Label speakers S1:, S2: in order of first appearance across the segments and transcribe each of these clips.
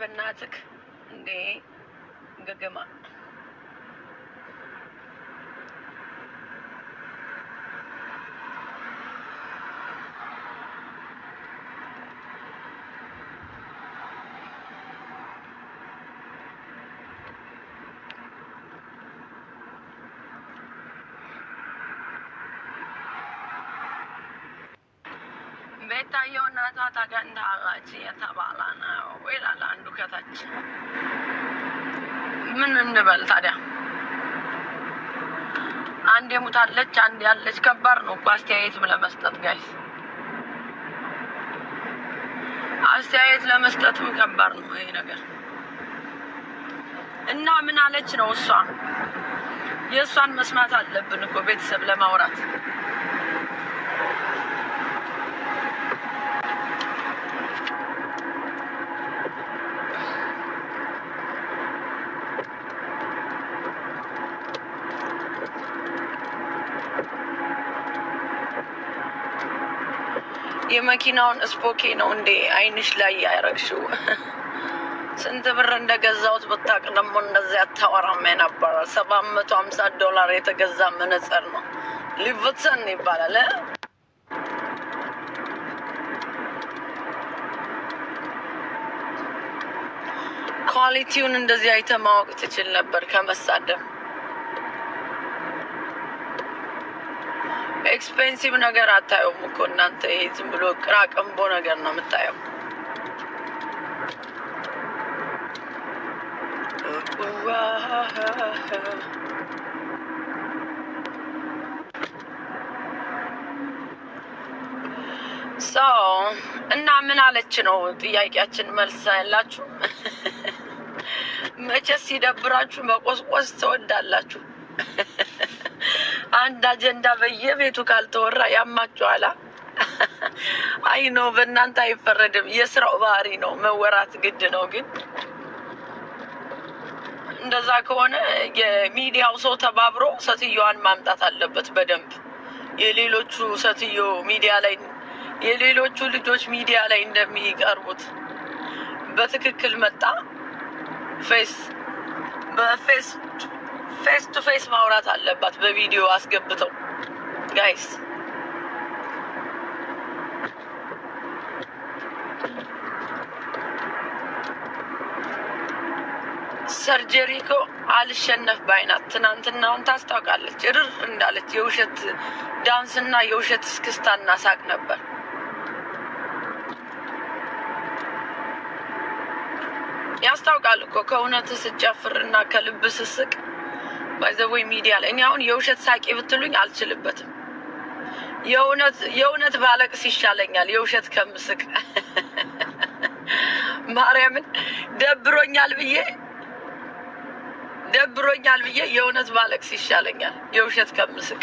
S1: በእናትህ እንዴ ገገማ ቤታየውና ቷ ታገንዳላች የተባ ምን እንበል ታዲያ? አንድ የሙታለች አንድ ያለች። ከባድ ነው እኮ አስተያየትም ለመስጠት ጋይስ፣ አስተያየት ለመስጠትም ከባድ ነው ይሄ ነገር እና ምን አለች ነው እሷ የእሷን መስማት አለብን እኮ ቤተሰብ ለማውራት መኪናውን እስፖኬ ነው እንዴ አይንሽ ላይ ያረግሽው? ስንት ብር እንደገዛሁት ብታቅ ደግሞ እንደዚህ አታወራም ነበረ። ሰባት መቶ ሀምሳ ዶላር የተገዛ መነጽር ነው። ሊቭትሰን ይባላል። ኳሊቲውን እንደዚህ አይተ ማወቅ ትችል ነበር ከመሳደም ኤክስፔንሲቭ ነገር አታየውም እኮ እናንተ። ይሄ ዝም ብሎ ቅራቅንቦ ነገር ነው የምታየው። እና ምን አለች ነው ጥያቄያችን። መልስ ያላችሁ መቼስ ሲደብራችሁ መቆስቆስ ትወዳላችሁ። አንድ አጀንዳ በየቤቱ ካልተወራ ያማችኋላ። አይ ኖ በእናንተ አይፈረድም። የስራው ባህሪ ነው፣ መወራት ግድ ነው። ግን እንደዛ ከሆነ የሚዲያው ሰው ተባብሮ ሴትዮዋን ማምጣት አለበት በደንብ የሌሎቹ ሴትዮ ሚዲያ ላይ የሌሎቹ ልጆች ሚዲያ ላይ እንደሚቀርቡት በትክክል መጣ ፌስ በፌስ ፌስ ቱ ፌስ ማውራት አለባት። በቪዲዮ አስገብተው ጋይስ ሰርጀሪ እኮ አልሸነፍ ባይናት ትናንትናውን ታስታውቃለች። እርር እንዳለች የውሸት ዳንስና የውሸት እስክስታና ሳቅ ነበር። ያስታውቃል እኮ ከእውነት ስጨፍር እና ከልብ ስስቅ ባይዘወይ ሚዲያ ላይ እኔ አሁን የውሸት ሳቂ ብትሉኝ አልችልበትም። የእውነት የእውነት ባለቅስ ይሻለኛል የውሸት ከምስቅ። ማርያምን ደብሮኛል ብዬ ደብሮኛል ብዬ የእውነት ባለቅስ ይሻለኛል የውሸት ከምስቅ።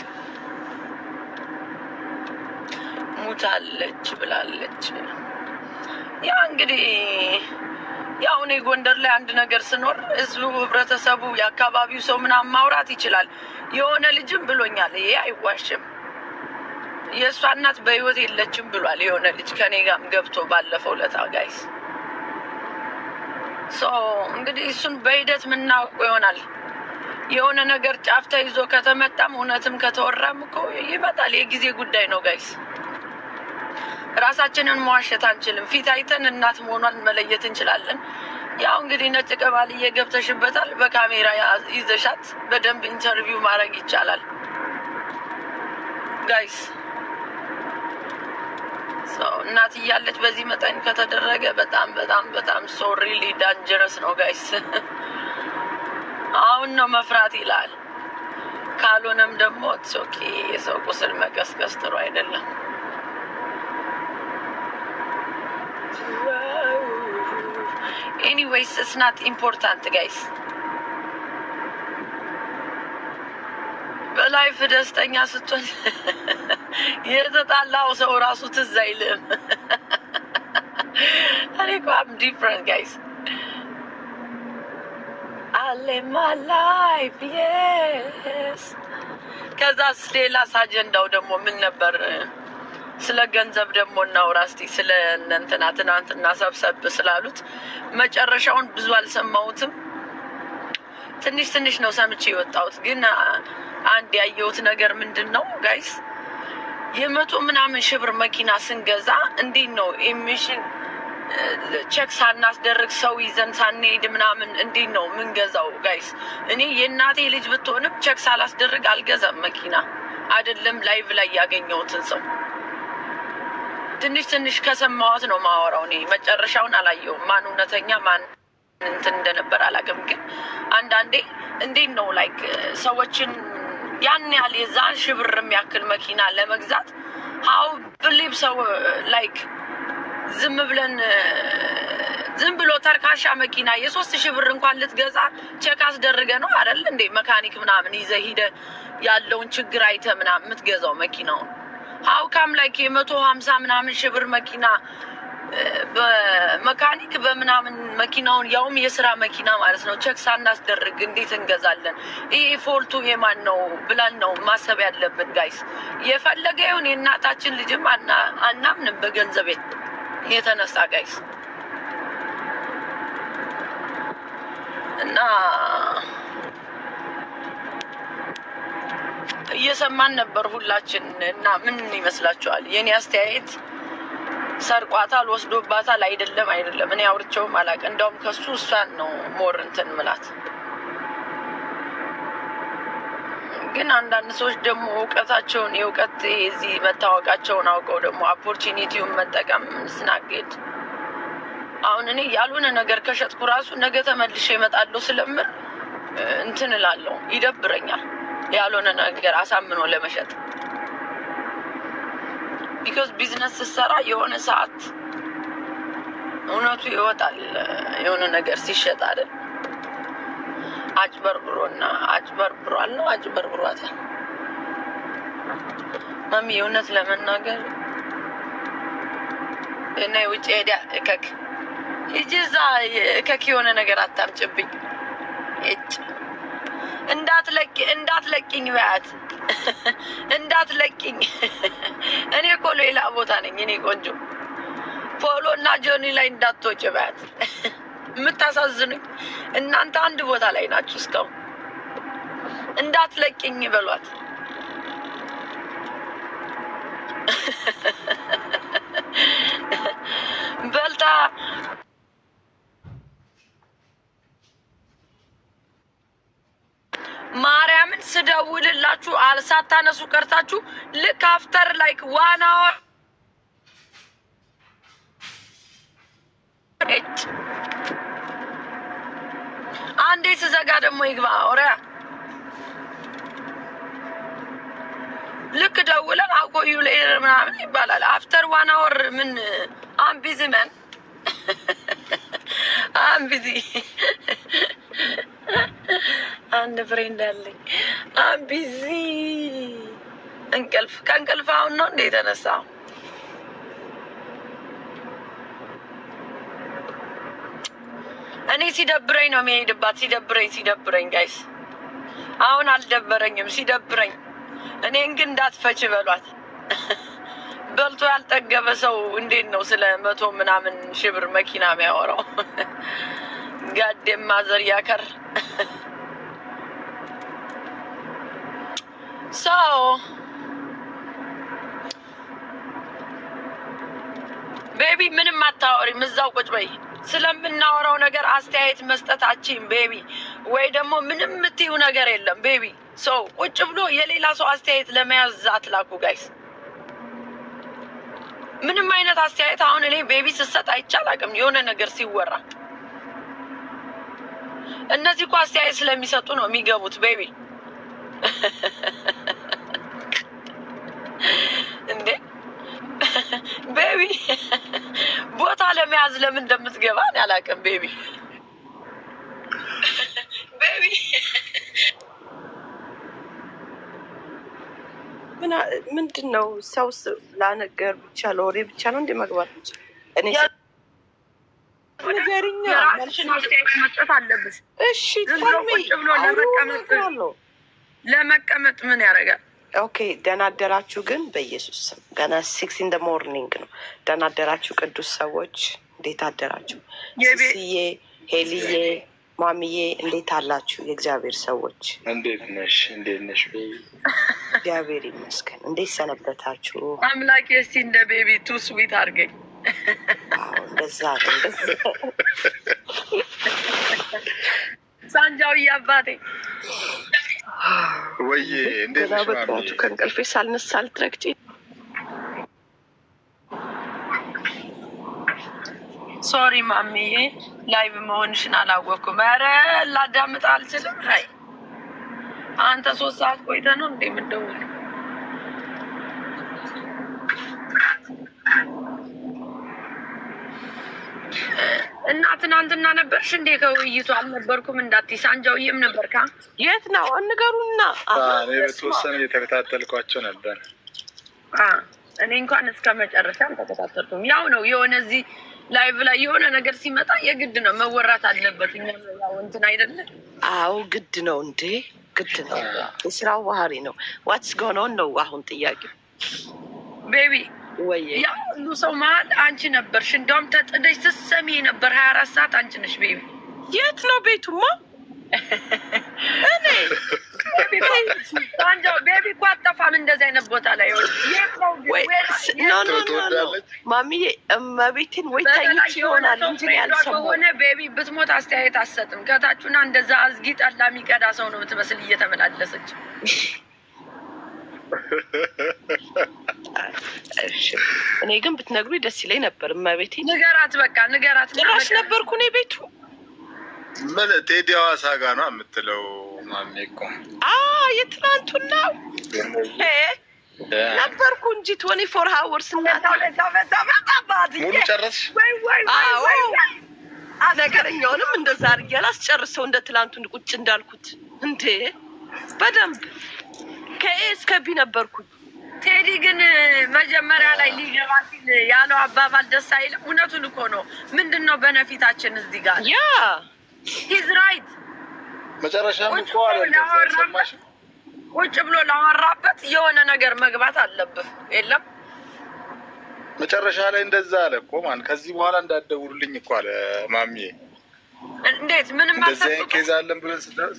S1: ሙታለች ብላለች ያ እንግዲህ ያው እኔ ጎንደር ላይ አንድ ነገር ስኖር ህዝቡ፣ ህብረተሰቡ፣ የአካባቢው ሰው ምናምን ማውራት ይችላል። የሆነ ልጅም ብሎኛል፣ ይሄ አይዋሽም፣ የእሷ እናት በህይወት የለችም ብሏል። የሆነ ልጅ ከኔ ጋርም ገብቶ ባለፈው ለታ ጋይስ እንግዲህ እሱን በሂደት ምናውቁ ይሆናል። የሆነ ነገር ጫፍ ተይዞ ከተመጣም እውነትም ከተወራም እኮ ይመጣል። የጊዜ ጉዳይ ነው ጋይስ። ራሳችንን መዋሸት አንችልም። ፊት አይተን እናት መሆኗን መለየት እንችላለን። ያው እንግዲህ ነጭ ቀባል እየገብተሽበታል በካሜራ ይዘሻት በደንብ ኢንተርቪው ማድረግ ይቻላል። ጋይስ እናት እያለች በዚህ መጠን ከተደረገ በጣም በጣም በጣም ሶሪ ዳንጀረስ ነው ጋይስ። አሁን ነው መፍራት ይላል። ካልሆነም ደግሞ ኦኬ የሰው ቁስል መቀስቀስ ጥሩ አይደለም። Anyways, it's not important, guys. በላይፍ ደስተኛ ስትሆን የተጣላው ሰው ራሱ ትዝ አይልም። እኔ እኮ አም ዲፍረንት ጋይስ አለ ማላይፍ የስ ከዛስ ሌላስ አጀንዳው ደግሞ ምን ነበር? ስለ ገንዘብ ደግሞ እናውራ እስቲ። ስለ እንትና ትናንትና ሰብሰብ ስላሉት መጨረሻውን ብዙ አልሰማሁትም። ትንሽ ትንሽ ነው ሰምቼ የወጣሁት። ግን አንድ ያየሁት ነገር ምንድን ነው ጋይስ፣ የመቶ ምናምን ሺህ ብር መኪና ስንገዛ እንዴት ነው ኤሚሽን ቼክ ሳናስደርግ ሰው ይዘን ሳንሄድ ምናምን እንዴት ነው ምንገዛው? ጋይስ እኔ የእናቴ ልጅ ብትሆንም ቼክ ሳላስደርግ አልገዛም መኪና። አይደለም ላይቭ ላይ ያገኘሁትን ሰው ትንሽ ትንሽ ከሰማዋት ነው ማወራው። እኔ መጨረሻውን አላየውም። ማን እውነተኛ ማን እንትን እንደነበር አላውቅም። ግን አንዳንዴ እንዴት ነው ላይክ ሰዎችን ያን ያህል የዛን ሽብር የሚያክል መኪና ለመግዛት ሀው ብሊብ ሰው ላይክ ዝም ብለን ዝም ብሎ ተርካሻ መኪና የሶስት ሺህ ብር እንኳን ልትገዛ ቼክ አስደርገ ነው አይደል እንዴ መካኒክ ምናምን ይዘህ ሂደህ ያለውን ችግር አይተህ ምናምን የምትገዛው መኪናውን ሀውካም ላይክ የመቶ ሀምሳ ምናምን ሺህ ብር መኪና በመካኒክ በምናምን መኪናውን ያውም የስራ መኪና ማለት ነው ቸክ ሳናስደርግ እንዴት እንገዛለን? ይሄ ፎልቱ የማን ነው ብለን ነው ማሰብ ያለብን ጋይስ። የፈለገ ይሁን የእናታችን ልጅም አናምንም በገንዘብ የተነሳ ጋይስ እና እየሰማን ነበር ሁላችን እና ምን ይመስላችኋል? የኔ አስተያየት ሰርቋታል፣ ወስዶባታል። አይደለም አይደለም፣ እኔ አውርቼውም አላውቅም። እንደውም ከሱ እሷን ነው ሞር እንትን ምላት። ግን አንዳንድ ሰዎች ደግሞ እውቀታቸውን የእውቀት የዚህ መታወቃቸውን አውቀው ደግሞ ኦፖርቹኒቲውን መጠቀም ስናገድ አሁን እኔ ያልሆነ ነገር ከሸጥኩ ራሱ ነገ ተመልሼ እመጣለሁ ስለምር እንትን እላለሁ፣ ይደብረኛል። ያልሆነ ነገር አሳምኖ ለመሸጥ ቢኮዝ ቢዝነስ ስትሰራ የሆነ ሰዓት እውነቱ ይወጣል። የሆነ ነገር ሲሸጥ አይደል? አጭበርብሮና አጭበርብሯል ነው አጭበርብሯታል። ማሚ የእውነት ለመናገር እና የውጭ ሄዳ እከክ ሂጂ እዛ እከክ የሆነ ነገር አታምጭብኝ እጭ እንዳትለቂ እንዳትለቂኝ በያት እንዳትለቂኝ። እኔ እኮ ሌላ ቦታ ነኝ። እኔ ቆንጆ ፖሎ እና ጆኒ ላይ እንዳትወጭ በያት። የምታሳዝኑኝ እናንተ አንድ ቦታ ላይ ናችሁ እስካሁን። ለቂኝ በሏት። በልታ ማርያምን ስደውልላችሁ አልሳታነሱ ቀርታችሁ ልክ አፍተር ላይክ ዋና አንዴ ስዘጋ ደግሞ ይግባ ኦሪያ ልክ ደውለን አቆዩ ሌር ምናምን ይባላል። አፍተር ዋን አወር ምን አምቢዚ መን አምቢዚ አንድ ፍሬንድ አለኝ። አቢዚ እንቅልፍ ከእንቅልፍ አሁን ነው እንደ የተነሳው እኔ ሲደብረኝ ነው የሚሄድባት። ሲደብረኝ ሲደብረኝ ጋይስ አሁን አልደበረኝም። ሲደብረኝ እኔን ግን እንዳትፈች በሏት። በልቶ ያልጠገበ ሰው እንዴት ነው ስለ መቶ ምናምን ሽብር መኪና የሚያወራው? ጋዴ ማዘር ያከር So, ቤቢ ምንም አታወሪም፣ እዛው ቁጭ በይ። ስለምናወራው ነገር አስተያየት መስጠታችን ቤቢ፣ ወይ ደግሞ ምንም የምትዩ ነገር የለም ቤቢ። ሰው ቁጭ ብሎ የሌላ ሰው አስተያየት ለመያዝ አትላኩ ጋይስ። ምንም አይነት አስተያየት አሁን እኔ ቤቢ ስሰጥ አይቻላቅም የሆነ ነገር ሲወራ እነዚህ እኮ አስተያየት ስለሚሰጡ ነው የሚገቡት ቤቢ እንዴ ቤቢ ቦታ ለመያዝ ለምን እንደምትገባ እኔ አላውቅም። ቤቢ ቤቢ ምንድን ነው
S2: ሰው ላነገር ብቻ ለወሬ ብቻ ነው እንደ መግባት ብቻ እኔ
S1: ነገርኛ መስጠት አለብሽ። እሺ ብሎ ለመቀመጥ ለመቀመጥ ምን ያደርጋል? ኦኬ ደህና አደራችሁ። ግን በኢየሱስ
S2: ስም ገና ሲክስ ኢን ደ ሞርኒንግ ነው። ደህና አደራችሁ ቅዱስ ሰዎች፣ እንዴት አደራችሁ? ስዬ ሄልዬ፣ ማሚዬ እንዴት አላችሁ? የእግዚአብሔር ሰዎች እንዴት ነሽ? እንዴት ነሽ? እግዚአብሔር ይመስገን። እንዴት ሰነበታችሁ?
S1: አምላክ የስቲ እንደ ቤቢ ቱ ስዊት አድርገኝ። እንደዛ ሳንጃው እያባቴ
S3: ወይ እንዴት ነሽ ማሚ?
S2: ከእንቅልፌ ሳልነሳ ልትረግጪ
S1: ሶሪ ማሚዬ፣ ላይቭ መሆንሽን አላወቅኩም። ኧረ ላዳምጥ አልችልም። አይ አንተ ሶስት ሰዓት ቆይተህ ነው እንዴ የምትደውለው? እና ትናንትና ነበርሽ እንዴ? ከውይይቱ አልነበርኩም እንዳትይ። ሳንጃውዬም ነበርካ? የት ነው እንገሩና። እኔ በተወሰነ
S3: እየተከታተልኳቸው ነበር።
S1: እኔ እንኳን እስከ መጨረሻ አልተከታተልኩም። ያው ነው የሆነ እዚህ ላይቭ ላይ የሆነ ነገር ሲመጣ የግድ ነው መወራት አለበት። እኛም ያው እንትን አይደለም።
S2: አዎ ግድ ነው እንዴ፣ ግድ ነው። የስራው ባህሪ ነው። ዋትስ ጎኖን ነው አሁን ጥያቄ
S1: ቤቢ ያ ሁሉ ሰው መሀል አንቺ ነበርሽ። እንደውም ተጥደሽ ስትሰሚ ነበር ሀያ አራት ሰዓት አንቺ ነሽ። ቤቢ የት ነው ቤቱማ? እኔ ቤቢ እኮ አጠፋም እንደዚህ አይነት ቦታ ላይ ማሚዬ እመቤቴን ወይ ታይች ይሆናል እንጂ ያልሰሆነ ቤቢ ብትሞት አስተያየት አትሰጥም። ከታችና እንደዛ አዝጊ ጠላ የሚቀዳ ሰው ነው የምትመስል እየተመላለሰች
S2: እኔ ግን ብትነግሩኝ ደስ ይለኝ ነበር። እመቤቴ
S1: ንገራት፣ በቃ ንገራት።
S2: ጭራሽ ነበርኩ እኔ ቤቱ
S3: ምን ቴዲ ሐዋሳ ጋ ነው የምትለው? ማሜ እኮ
S2: የትናንቱና ነበርኩ እንጂ ትወኒ ፎር ሀወርስ ሙሉ ጨረስሽ? ነገረኛውንም እንደዛ አድርጌ አላስጨርሰው እንደ ትናንቱን ቁጭ እንዳልኩት እንዴ
S1: በደንብ ከኤ እስከ ቢ ነበርኩኝ። ቴዲ ግን መጀመሪያ ላይ ሊገባ ሲል ያለው አባባል ደስ አይልም። እውነቱን እኮ ነው። ምንድን ነው በነፊታችን እዚህ ጋር ያ ሂዝ ራይት መጨረሻ ቁጭ ብሎ ላወራበት የሆነ ነገር መግባት አለብህ። የለም
S3: መጨረሻ ላይ እንደዛ አለ እኮ ማን ከዚህ በኋላ እንዳደውሉልኝ እኮ አለ ማሚዬ።
S1: እንዴት ምንም አሰብ
S3: ኬዝ አለን ብለን ስዳስ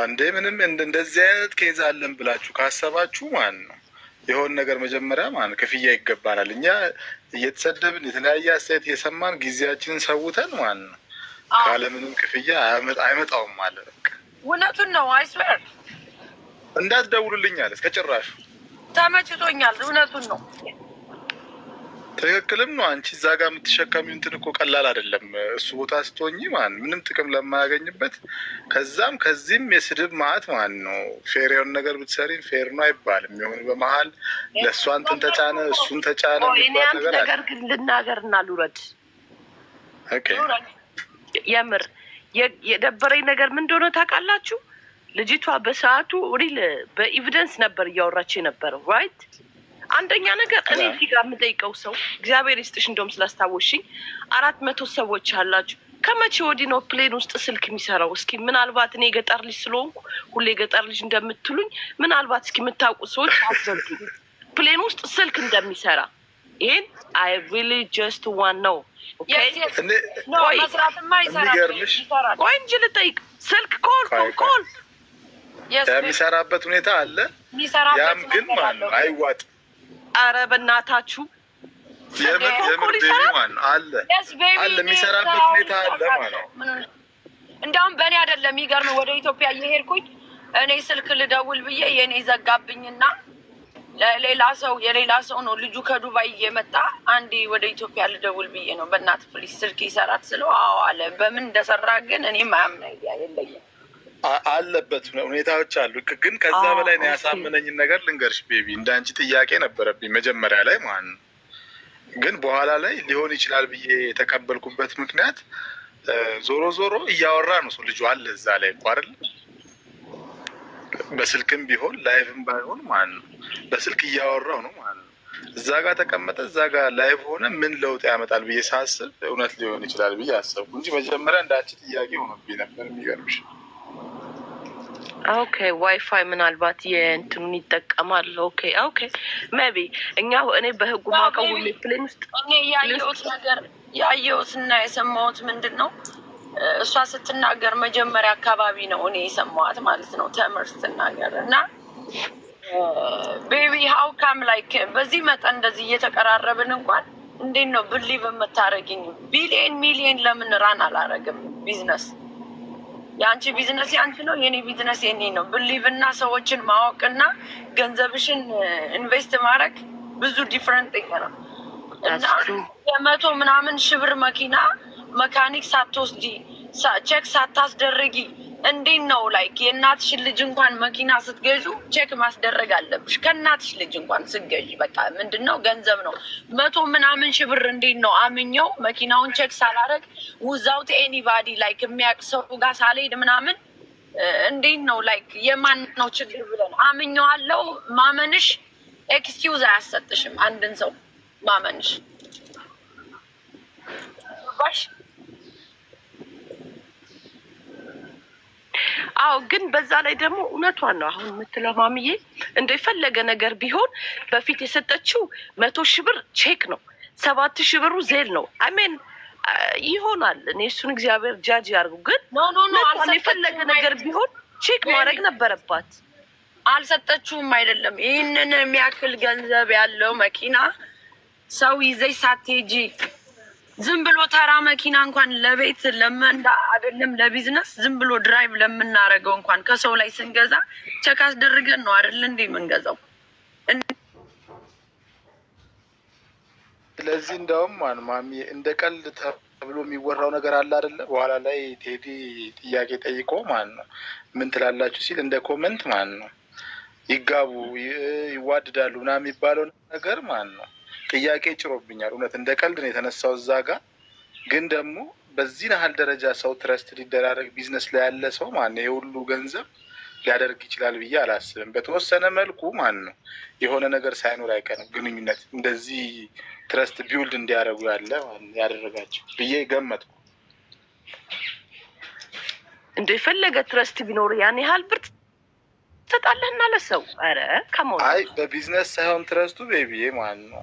S3: አንዴ ምንም እንደዚህ አይነት ኬዝ አለን ብላችሁ ካሰባችሁ ማን ነው የሆን ነገር መጀመሪያ ማን ክፍያ ይገባናል። እኛ እየተሰደብን የተለያየ አስተያየት እየሰማን ጊዜያችንን ሰውተን ማን ነው ካለምንም ክፍያ አይመጣውም አለ።
S1: እውነቱን ነው። አይስበር
S3: እንዳትደውሉልኝ አለ እስከ ጭራሹ
S1: ተመችቶኛል። እውነቱን ነው።
S3: ትክክልም ነው። አንቺ እዛ ጋር የምትሸከሚው እንትን እኮ ቀላል አይደለም። እሱ ቦታ ስትሆኚ ማን ምንም ጥቅም ለማያገኝበት ከዛም ከዚህም የስድብ ማለት ማን ነው። ፌር የሆነ ነገር ብትሰሪ ፌር ነው አይባልም። የሆነ በመሀል ለእሷ እንትን ተጫነ እሱን ተጫነ ነገር
S2: ግን ልናገር እና ልውረድ። የምር የደበረኝ ነገር ምን እንደሆነ ታውቃላችሁ? ልጅቷ በሰዓቱ ሪል በኤቪደንስ ነበር እያወራች የነበረው ራይት አንደኛ ነገር እኔ እዚህ ጋር የምጠይቀው ሰው እግዚአብሔር ይስጥሽ፣ እንደውም ስላስታወሽኝ አራት መቶ ሰዎች አላችሁ። ከመቼ ወዲህ ነው ፕሌን ውስጥ ስልክ የሚሰራው? እስኪ ምናልባት እኔ ገጠር ልጅ ስለሆንኩ ሁሌ ገጠር ልጅ እንደምትሉኝ ምናልባት እስኪ የምታውቁ ሰዎች አዘዱ ፕሌን ውስጥ ስልክ እንደሚሰራ ይህን አይ ሪሊ ጀስት ዋን ነው ቆይ እንጂ ልጠይቅ። ስልክ ኮል ኮል የሚሰራበት ሁኔታ አለ። ያም ግን ማነው
S3: አይዋጥም
S1: አረ በእናታችሁ
S3: የሚሰራበት
S1: በእኔ አይደለም የሚገርም ወደ ኢትዮጵያ እየሄድኩኝ እኔ ስልክ ልደውል ብዬ የእኔ ዘጋብኝና ሌላ ሰው የሌላ ሰው ነው ልጁ ከዱባይ እየመጣ አንዴ ወደ ኢትዮጵያ ልደውል ብዬ ነው። በእናት ፕሊስ ስልክ ይሰራት ስለው አዎ አለ። በምን እንደሰራ ግን እኔም አያምና የለኝም
S3: አለበት ሁኔታዎች አሉ። ግን ከዛ በላይ ነው ያሳምነኝን ነገር ልንገርሽ ቤቢ፣ እንደ አንቺ ጥያቄ ነበረብኝ መጀመሪያ ላይ ማለት ነው። ግን በኋላ ላይ ሊሆን ይችላል ብዬ የተቀበልኩበት ምክንያት ዞሮ ዞሮ እያወራ ነው ሰው ልጁ አለ እዛ ላይ እኮ አይደለ በስልክም ቢሆን ላይቭም ባይሆን ማለት ነው በስልክ እያወራው ነው ማለት ነው። እዛ ጋር ተቀመጠ፣ እዛ ጋር ላይቭ ሆነ ምን ለውጥ ያመጣል ብዬ ሳስብ እውነት ሊሆን ይችላል ብዬ አሰብኩ እንጂ መጀመሪያ እንዳንቺ ጥያቄ ሆኖብኝ ነበር የሚገርምሽ
S2: ኦኬ ah, ዋይፋይ ምናልባት የእንትኑን ይጠቀማል። ኦኬ ኦኬ ሜቢ እኛ እኔ በህጉ ማቀው ፕሌን ውስጥ
S1: እኔ ያየሁት ነገር ያየሁት እና የሰማሁት ምንድን ነው እሷ ስትናገር መጀመሪያ አካባቢ ነው እኔ የሰማዋት ማለት ነው። ተምር ስትናገር እና ቤቢ ሀው ካም ላይክ በዚህ መጠን እንደዚህ እየተቀራረብን እንኳን እንዴት ነው ብሊቭ የምታደርግኝ? ቢሊየን ሚሊየን ለምን ራን አላረግም ቢዝነስ የአንቺ ቢዝነስ የአንቺ ነው፣ የኔ ቢዝነስ የኔ ነው። ብሊቭና ሰዎችን ማወቅና ገንዘብሽን ኢንቨስት uh, ማድረግ ብዙ ዲፍረንት ነው እና የመቶ ምናምን ሽብር መኪና መካኒክ ሳትወስጂ ቼክ ሳታስደርጊ እንዴት ነው ላይክ የእናትሽ ልጅ እንኳን መኪና ስትገዙ ቼክ ማስደረግ አለብሽ። ከእናትሽ ልጅ እንኳን ስትገዢ በቃ ምንድን ነው ገንዘብ ነው መቶ ምናምን ሺህ ብር እንዴት ነው አምኘው መኪናውን ቼክ ሳላረግ ውዛውት ኤኒባዲ ላይክ የሚያቅ ሰው ጋር ሳልሄድ ምናምን እንዴት ነው ላይክ የማን ነው ችግር ብለን አምኘው አለው? ማመንሽ ኤክስኪውዝ አያሰጥሽም አንድን ሰው ማመንሽ አዎ ግን
S2: በዛ ላይ ደግሞ እውነቷን ነው አሁን የምትለው ማምዬ። እንደ የፈለገ ነገር ቢሆን በፊት የሰጠችው መቶ ሺህ ብር ቼክ ነው፣ ሰባት ሺህ ብሩ ዜል ነው። አሜን ይሆናል። እኔ እሱን እግዚአብሔር ጃጅ ያርጉ። ግን የፈለገ ነገር ቢሆን ቼክ
S1: ማድረግ ነበረባት። አልሰጠችውም አይደለም። ይህንን የሚያክል ገንዘብ ያለው መኪና ሰው ይዘሽ ሳትሄጂ ዝም ብሎ ተራ መኪና እንኳን ለቤት ለመንዳ አይደለም ለቢዝነስ ዝም ብሎ ድራይቭ ለምናደርገው እንኳን ከሰው ላይ ስንገዛ ቸክ አስደርገን ነው አይደል እንዴ የምንገዛው?
S3: ስለዚህ እንደውም ማሚ እንደ ቀልድ ተብሎ የሚወራው ነገር አለ አይደለ? በኋላ ላይ ቴዲ ጥያቄ ጠይቆ ማለት ነው ምን ትላላችሁ ሲል እንደ ኮመንት ማለት ነው ይጋቡ ይዋድዳሉ ምናምን የሚባለው ነገር ማለት ነው ጥያቄ ጭሮብኛል። እውነት እንደ ቀልድ ነው የተነሳው እዛ ጋር ግን ደግሞ በዚህ ያህል ደረጃ ሰው ትረስት ሊደራረግ ቢዝነስ ላይ ያለ ሰው ማን ነው የሁሉ ገንዘብ ሊያደርግ ይችላል ብዬ አላስብም። በተወሰነ መልኩ ማን ነው የሆነ ነገር ሳይኖር አይቀርም ግንኙነት እንደዚህ ትረስት ቢውልድ እንዲያደርጉ ያለ ያደረጋቸው ብዬ ገመጥኩ።
S2: እንደ የፈለገ ትረስት ቢኖር ያን ያህል ብር ትሰጣለህና ለሰው ረ
S3: ከመሆን አይ በቢዝነስ ሳይሆን ትረስቱ ቤቢዬ ማን ነው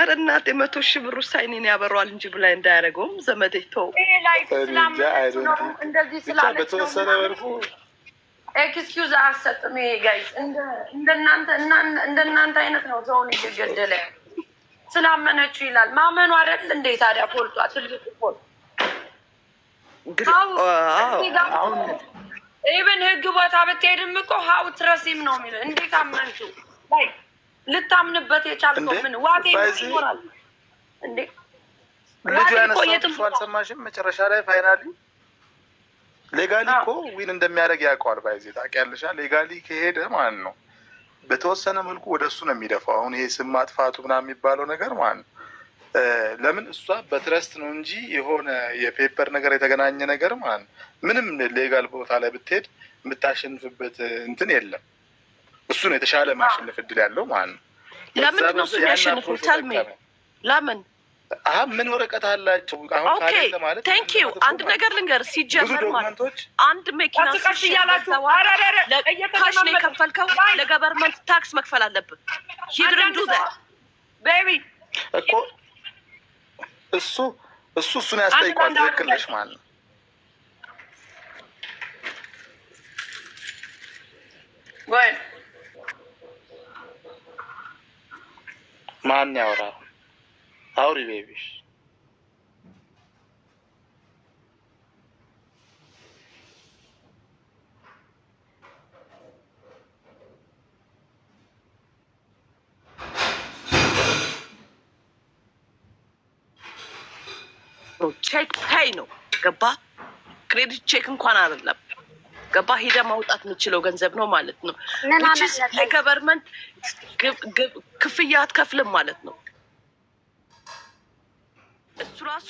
S2: ኧረ እናቴ የመቶ ሺህ ብሩ ሳይኔን ያበረዋል እንጂ ብላይ እንዳያደርገውም ዘመዴ ተው።
S1: በተወሰነ መልኩ ኤክስኪውዝ አሰጥም። ይሄ ጋይስ እንደናንተ አይነት ነው ሰውን እየገደለ ስላመነች ይላል። ማመኑ አይደል እንዴ ታዲያ? ፖልቷ ትልቁ ፖል ኢቨን ህግ ቦታ ብትሄድም እኮ ሀው ትረሲም ነው የሚለው እንዴት አመንችው? ልታምንበት የቻልከው ምን ዋቴ ይኖራል እንዴ? ልጁ ያነሳው
S3: አልሰማሽም? መጨረሻ ላይ ፋይናሊ ሌጋሊ እኮ ዊን እንደሚያደርግ ያውቀዋል። ባይዜ ታውቂያለሽ፣ ሌጋሊ ከሄደ ማለት ነው በተወሰነ መልኩ ወደ እሱ ነው የሚደፋው። አሁን ይሄ ስም ማጥፋቱ ምናምን የሚባለው ነገር ማለት ነው። ለምን እሷ በትረስት ነው እንጂ የሆነ የፔፐር ነገር የተገናኘ ነገር ማለት ነው። ምንም ሌጋል ቦታ ላይ ብትሄድ የምታሸንፍበት እንትን የለም። እሱ ነው የተሻለ ማሸነፍ እድል ያለው ማለት ነው። ለምንድን ነው እሱ የሚያሸንፉት? አልሜ ለምን አሁን ምን ወረቀት አላቸው? አሁን
S2: ቴንክ ዩ አንድ ነገር ልንገር። ሲጀመር ማለት አንድ መኪና ካሽ ነው የከፈልከው፣ ለገቨርንመንት ታክስ መክፈል አለብን። ሂድርንዱ
S1: ቤቢ
S3: እኮ እሱ እሱ እሱን ያስጠይቋል። ትክክል ነሽ ማለት ነው። ወይ ማን ያወራ? አውሪ ቤቢሽ።
S2: ቼክ ፓይ ነው ገባ። ክሬዲት ቼክ እንኳን አይደለም። ገባ ሂደ ማውጣት የምችለው ገንዘብ ነው ማለት ነው። ገቨርመንት ክፍያ አትከፍልም ማለት ነው። እሱ ራሱ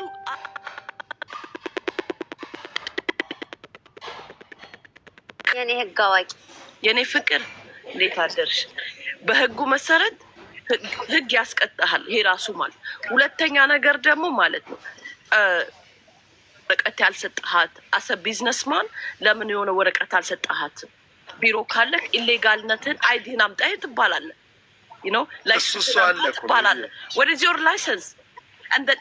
S2: የኔ ህግ አዋቂ የኔ ፍቅር እንዴት አደርሽ? በህጉ መሰረት ህግ ያስቀጣሃል። ይሄ ራሱ ማለት ሁለተኛ ነገር ደግሞ ማለት ነው ወረቀት ያልሰጠሃት አሰ ቢዝነስማን ለምን የሆነ ወረቀት አልሰጠሃት? ቢሮ ካለህ ኢሌጋልነትን አይዲህን አምጣሄ ትባላለህ ነው ትባላለህ። ወደ ዮር ላይሰንስ and then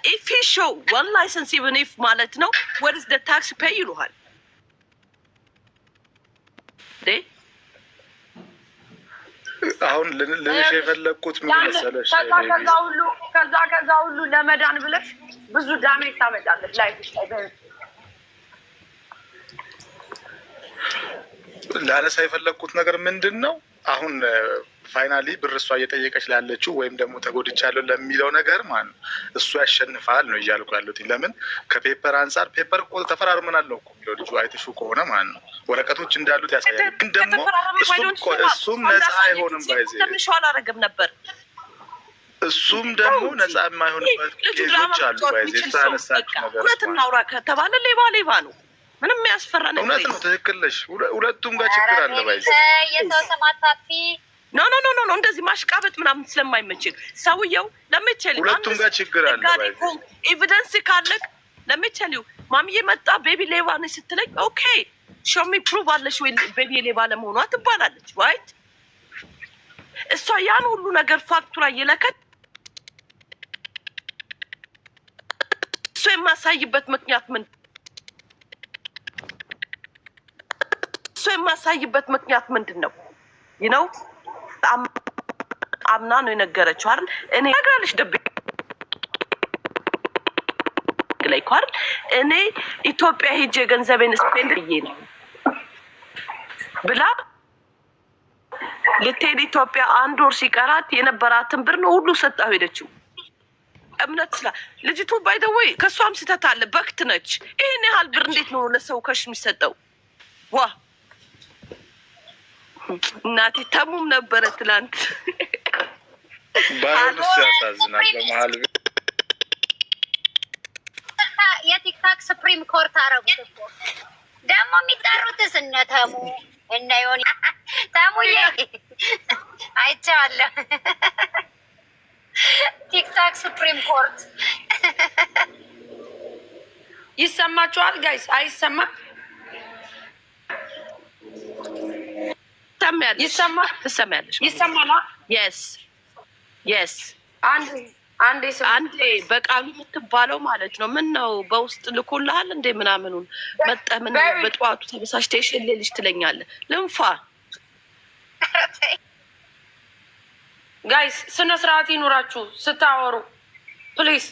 S2: ማለት ነው what is the ይሉሃል
S3: አሁን ልንሽ የፈለግኩት ምን መሰለሽ፣
S1: ከዛ ከዛ ሁሉ ለመዳን ብለሽ ብዙ ዳሜጅ ታመጫለሽ ላይ።
S3: ላነሳ የፈለግኩት ነገር ምንድን ነው አሁን ፋይናሊ ብር እሷ እየጠየቀች ላለችው ወይም ደግሞ ተጎድቻለሁ ለሚለው ነገር ማለት ነው እሱ ያሸንፋል ነው እያልኩ ያሉት። ለምን ከፔፐር አንጻር ፔፐር ተፈራርመናል ነው የሚለው ልጁ አይተሹ ከሆነ ማለት ነው ወረቀቶች እንዳሉት ያሳያል። ግን ደግሞ እሱም ነፃ አይሆንም ባይዜ
S2: አላረግም ነበር
S3: እሱም ደግሞ ነፃ የማይሆንበት ኬዞች አሉ። ባይዜ ታነሳችሁ ነገር እውነት
S2: እናውራ ከተባለ ሌባ ሌባ ነው። ምንም የሚያስፈራ ነገር እውነት ነው።
S3: ትክክል ነሽ። ሁለቱም ጋር ችግር አለ ባይዜ የሰው
S2: ኖ ኖ ኖ ኖ ኖ እንደዚህ ማሽቃበጥ ምናምን ስለማይመችል ሰውየው ለምችል ሁለቱም ጋር ችግር አለ። ኤቪደንስ ካለክ ለምችል ማሚዬ መጣ ቤቢ ሌባ ነች ስትለኝ ኦኬ ሾሚ ፕሩቭ አለሽ ወይ ቤቢ ሌባ ለመሆኗ ትባላለች። ዋይት እሷ ያን ሁሉ ነገር ፋክቱራ እየለከት እሱ የማሳይበት ምክንያት ምን እሱ የማሳይበት ምክንያት ምንድን ነው? ይነው አምና ነው የነገረችው አይደል? እኔ ነግራለች ደብ ላይ ኳር እኔ ኢትዮጵያ ሄጄ የገንዘቤን ስፔንድ ብዬ ነው ብላ ልትሄድ ኢትዮጵያ አንድ ወር ሲቀራት የነበራትን ብር ነው ሁሉ ሰጣ ሄደችው። እምነት ስላ ልጅቱ ባይደወይ ከእሷም ስህተት አለ። በክት ነች። ይህን ያህል ብር እንዴት ነው ለሰው ከሽ የሚሰጠው? ዋ እናቴ ታሙም ነበረ ትላንት።
S3: የቲክታክ ስፕሪም ኮርት አረጉት እኮ ደግሞ የሚጠሩትስ እነ ተሙ እነ ዮኒ ተሙዬ አይቼዋለሁ። ቲክታክ ሱፕሪም ኮርት
S1: ይሰማችኋል ጋይስ? አይሰማም ትሰሚያለሽ?
S2: አንዴ በቃሉ የምትባለው ማለት ነው። ምን ነው በውስጥ ልኮልሃል እንዴ ምናምኑን መጠምን በጠዋቱ ተበሳሽታ የሸሌልሽ ትለኛለ። ልንፋ
S1: ጋይስ፣ ስነ ስርዓት ይኑራችሁ ስታወሩ ፕሊዝ።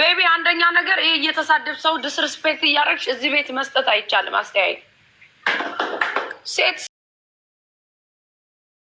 S1: ቤቢ፣ አንደኛ ነገር ይሄ እየተሳደብ ሰው ዲስርስፔክት እያደረግሽ እዚህ ቤት መስጠት አይቻልም አስተያየት ሴት